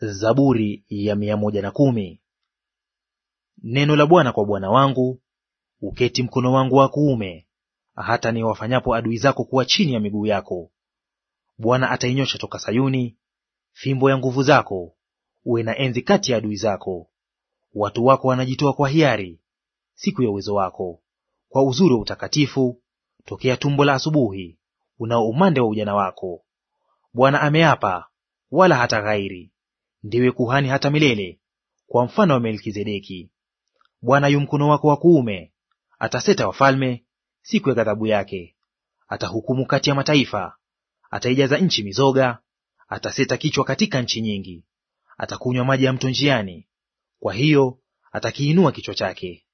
Zaburi ya mia moja na kumi. Neno la Bwana kwa Bwana wangu, uketi mkono wangu wa kuume, hata niwafanyapo adui zako kuwa chini ya miguu yako. Bwana atainyosha toka Sayuni fimbo ya nguvu zako, uwe na enzi kati ya adui zako. Watu wako wanajitoa kwa hiari siku ya uwezo wako, kwa uzuri wa utakatifu tokea tumbo la asubuhi, unao umande wa ujana wako. Bwana ameapa, wala hata ghairi ndiwe kuhani hata milele, kwa mfano wa Melkizedeki. Bwana yu mkono wako wa kuume, ataseta wafalme siku ya ghadhabu yake. Atahukumu kati ya mataifa, ataijaza nchi mizoga, ataseta kichwa katika nchi nyingi. Atakunywa maji ya mto njiani, kwa hiyo atakiinua kichwa chake.